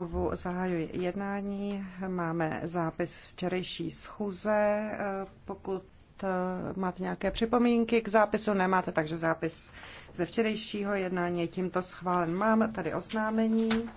Znovu zahajuji jednání. Máme zápis včerejší schůze. Eh, pokud eh, máte nějaké připomínky k zápisu, nemáte, takže zápis ze včerejšího jednání je tímto schválen. Mám tady oznámení.